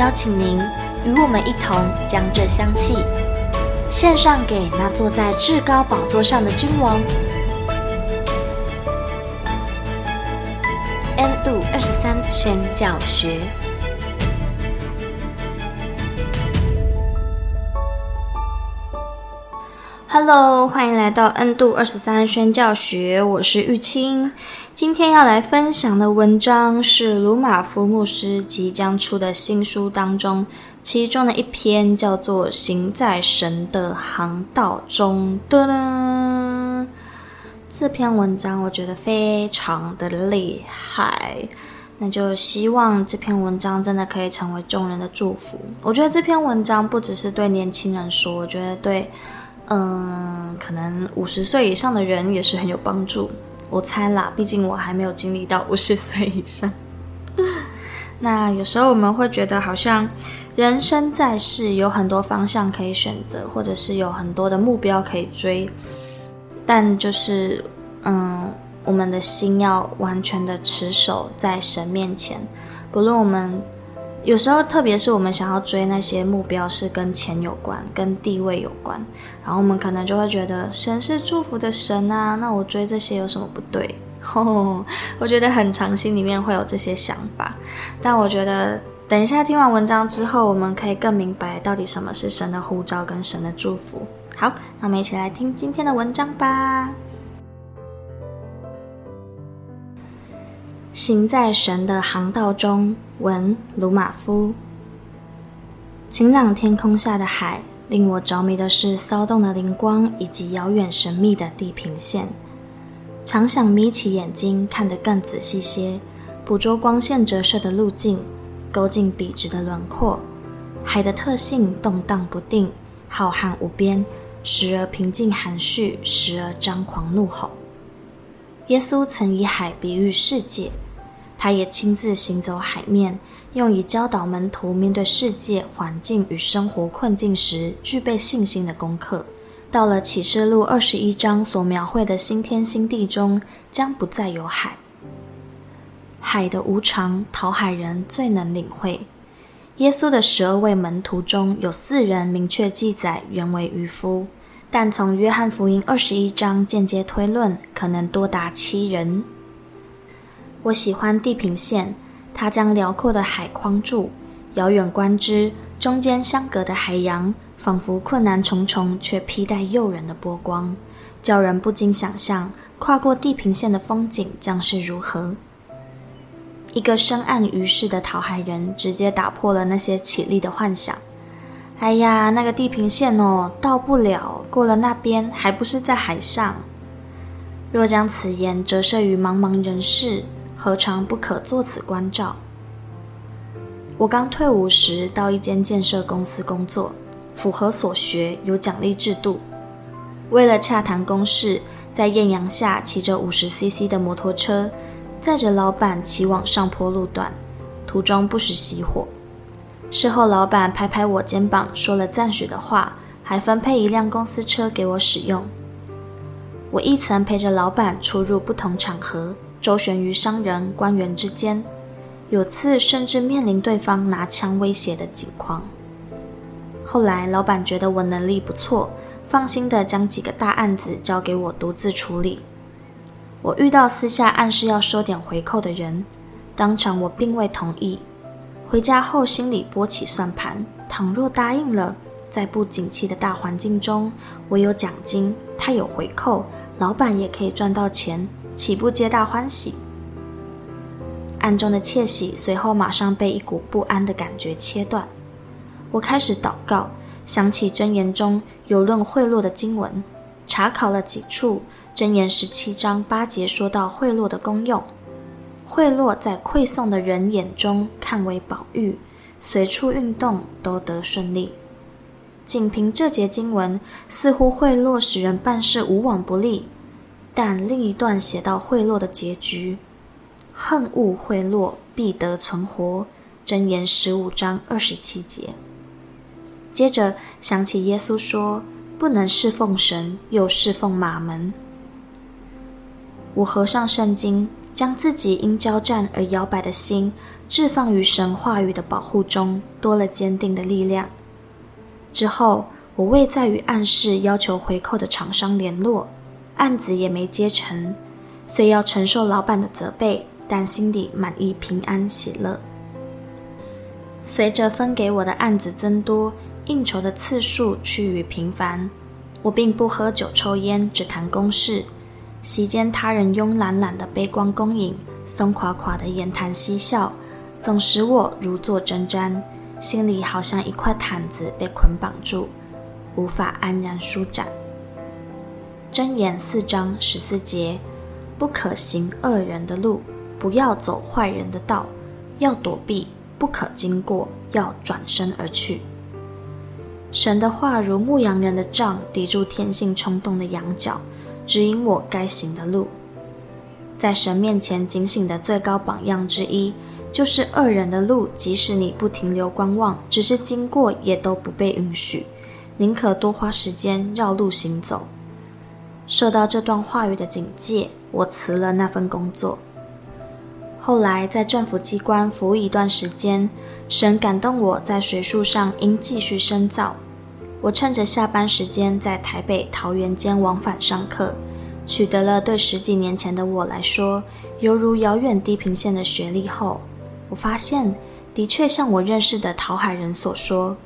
邀請您與我們一同將這香氣獻上給那坐在至高寶座上的君王。n 度二十三宣教學。Hello，歡迎來到 N 度二十三宣教學，我是玉清。今天要來分享的文章是魯瑪夫牧師即將出的新書當中，其中的一篇叫做《行在神的航道中》噔噔。這篇文章我覺得非常的厲害，那就希望這篇文章真的可以成為眾人的祝福。我覺得這篇文章不只是對年輕人說，我覺得對。嗯，可能五十歲以上的人也是很有幫助。我猜啦，畢竟我還沒有經歷到五十歲以上。 那有時候我們會覺得好像人生在世有很多方向可以選擇，或者是有很多的目標可以追，但就是嗯，我們的心要完全的持守在神面前，不論我們。有時候，特別是我們想要追那些目標是跟錢有關、跟地位有關，然後我們可能就會覺得神是祝福的神啊，那我追這些有什麼不對？Oh, 我覺得很常，心裡面會有這些想法。但我覺得，等一下聽完文章之後，我們可以更明白到底什麼是神的呼召跟神的祝福。好，那我們一起來聽今天的文章吧。行在神的航道中。文，魯馬夫，晴朗天空下的海，令我着迷的是騷動的靈光以及遙遠神秘的地平線。常想眯起眼睛看得更仔細些，捕捉光線折射的路徑，勾進筆直的輪廓。海的特性動盪不定，浩瀚無邊，時而平靜含蓄，時而張狂怒吼。耶穌曾以海比喻世界。他也親自行走海面，用以教導門徒面對世界環境與生活困境時具備信心的功課。到了啟示錄二十一章所描繪的新天新地中，將不再有海。海的無常，討海人最能領會。耶穌的十二位門徒中有四人明確記載原為漁夫，但從約翰福音二十一章間接推論，可能多達七人。我喜歡地平線，它將遼闊的海框住，遙遠觀之，中間相隔的海洋仿佛困難重重，卻披帶誘人的波光，叫人不禁想象跨過地平線的風景將是如何。一個深諳漁事的討海人直接打破了那些綺麗的幻想：“哎呀，那個地平線哦，到不了，過了那邊還不是在海上？”若將此言折射於茫茫人世。何嘗不可做此關照？我剛退伍時到一間建設公司工作，符合所學，有獎勵制度。為了洽談公事，在豔陽下騎着五十 CC 的摩托車，載着老板騎往上坡路段，途中不時熄火。事後，老板拍拍我肩膀，說了讚許的話，還分配一輛公司車給我使用。我亦曾陪着老板出入不同場合。周旋於商人、官員之間，有次甚至面臨對方拿槍威脅的情況。後來，老板覺得我能力不錯，放心地將幾個大案子交給我獨自處理。我遇到私下暗示要收點回扣的人，當場我並未同意。回家後，心裡撥起算盤：倘若答應了，在不景氣的大環境中，我有獎金，他有回扣，老板也可以賺到錢。豈不皆大歡喜？暗中的竊喜隨後馬上被一股不安的感覺切斷。我開始禱告，想起箴言中有論賄賂的經文，查考了幾處。箴言十七章八節說到賄賂的功用。賄賂在饋送的人眼中看為寶玉，隨處運動都得順利。僅憑這節經文，似乎賄賂使人辦事無往不利。但另一段寫到賄賂的結局：“恨惡賄賂，必得存活。”箴言，十五章二十七節。接着想起耶穌說：“不能侍奉神又侍奉瑪門。”我合上聖經，將自己因交戰而搖擺的心置放於神話語的保護中，多了堅定的力量。之後，我未再與暗示要求回扣的廠商聯絡。案子也沒接成，雖要承受老板的責備，但心裡滿意、平安、喜樂。隨着分給我的案子增多，應酬的次數趨於頻繁。我並不喝酒、抽菸，只談公事。席間他人慵懶懶的杯光共飲，鬆垮垮的言談嬉笑，總使我如坐針氈，心裡好像一塊毯子被捆綁住，無法安然舒展。箴言四章十四節：不可行惡人的路，不要走壞人的道，要躲避，不可經過，要轉身而去。神的話如牧羊人的杖，抵住天性衝動的羊角，指引我該行的路。在神面前警醒的最高榜樣之一，就是惡人的路，即使你不停留觀望，只是經過，也都不被允許。寧可多花時間繞路行走。受到這段話語的警戒，我辭了那份工作。後來在政府機關服務一段時間，神感動我在學術上應繼續深造。我趁着下班時間在台北、桃園間往返上課，取得了對十幾年前的我來說猶如遙遠地平線的學歷後，我發現的確像我認識的討海人所說，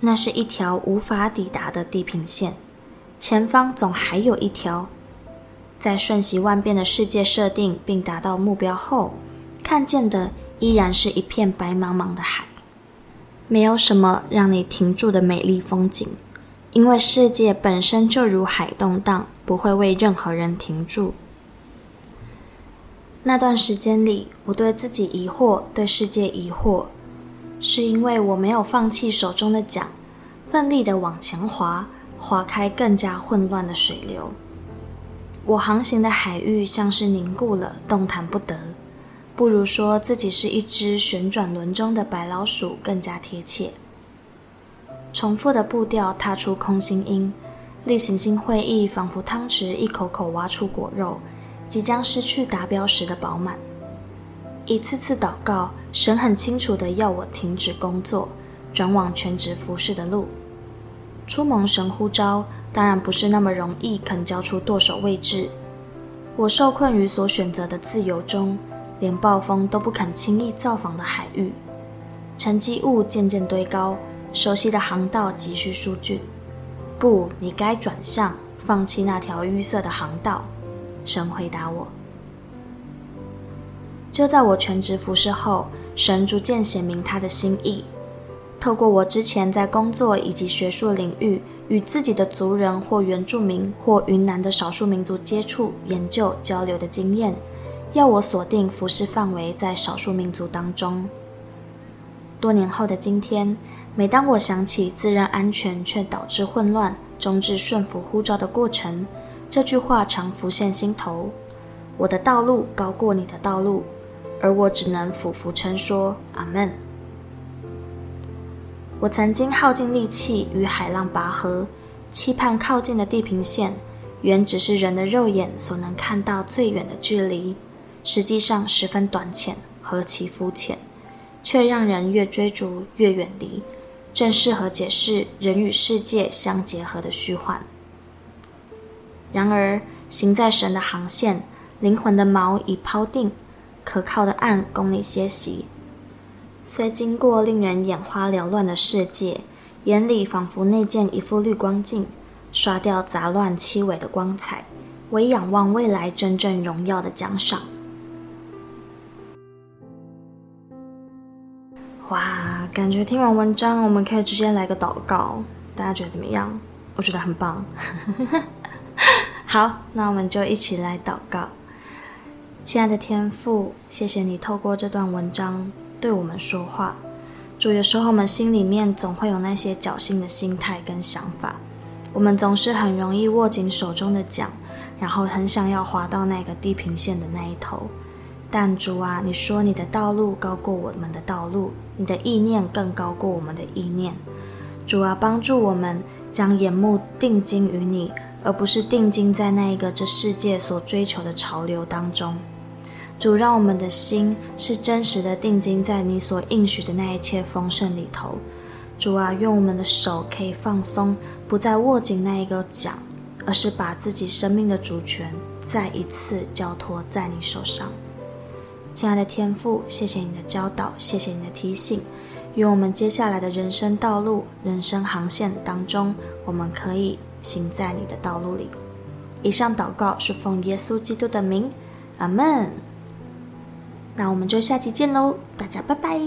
那是一條無法抵達的地平線。前方總還有一條，在瞬息萬變的世界設定並達到目標後，看見的依然是一片白茫茫的海，沒有什麼讓你停住的美麗風景，因為世界本身就如海動盪，不會為任何人停住。那段時間裡，我對自己疑惑，對世界疑惑，是因為我沒有放棄手中的槳，奮力的往前划。劃開更加混亂的水流，我航行的海域像是凝固了，動彈不得。不如說自己是一隻旋轉輪中的白老鼠更加貼切。重複的步調踏出空心音，例行性會議仿佛湯匙一口口挖出果肉，即將失去達標時的飽滿。一次次禱告，神很清楚地要我停止工作，轉往全職服侍的路。初蒙神呼召，當然不是那麼容易肯交出舵手位置。我受困於所選擇的自由中，連暴風都不肯輕易造訪的海域。沉積物漸漸堆高，熟悉的航道急需疏浚。不，你該轉向，放棄那條淤塞的航道。神回答我。就在我全職服侍後，神逐漸顯明他的心意。透過我之前在工作以及學術領域與自己的族人或原住民或雲南的少數民族接觸、研究、交流的經驗，要我鎖定服侍範圍在少數民族當中。多年後的今天，每當我想起自認安全卻導致混亂、終致順服呼召的過程，這句話常浮現心頭：我的道路高過你的道路，而我只能俯伏稱說阿門。我曾經耗盡力氣與海浪拔河，期盼靠近的地平線，原只是人的肉眼所能看到最遠的距離，實際上十分短淺，何其膚淺，卻讓人越追逐越遠離，正適合解釋人與世界相結合的虛幻。然而，行在神的航線，靈魂的錨已拋定，可靠的岸供你歇息。雖經過令人眼花繚亂的世界，眼裡仿佛內建一副濾光鏡，刷掉雜亂七偽的光彩，唯仰望未來真正榮耀的獎賞。哇，感覺聽完文章，我們可以直接來個禱告，大家覺得怎麼樣？我覺得很棒。 好，那我們就一起來禱告，親愛的天父，謝謝你透過這段文章。對我們說話，主，有時候我們心裡面總會有那些僥倖的心態跟想法，我們總是很容易握緊手中的槳，然後很想要划到那個地平線的那一頭。但主啊，你說你的道路高過我們的道路，你的意念更高過我們的意念。主啊，幫助我們將眼目定睛於你，而不是定睛在那一個這世界所追求的潮流當中。主讓我們的心是真實的定睛在你所應許的那一切豐盛裡頭，主啊，願我們的手可以放鬆，不再握緊那一個槳，而是把自己生命的主權再一次交托在你手上。親愛的天父，謝謝你的教導，謝謝你的提醒，願我們接下來的人生道路、人生航線當中，我們可以行在你的道路裡。以上禱告是奉耶穌基督的名，阿門。那我們就下期見嘍，大家拜拜。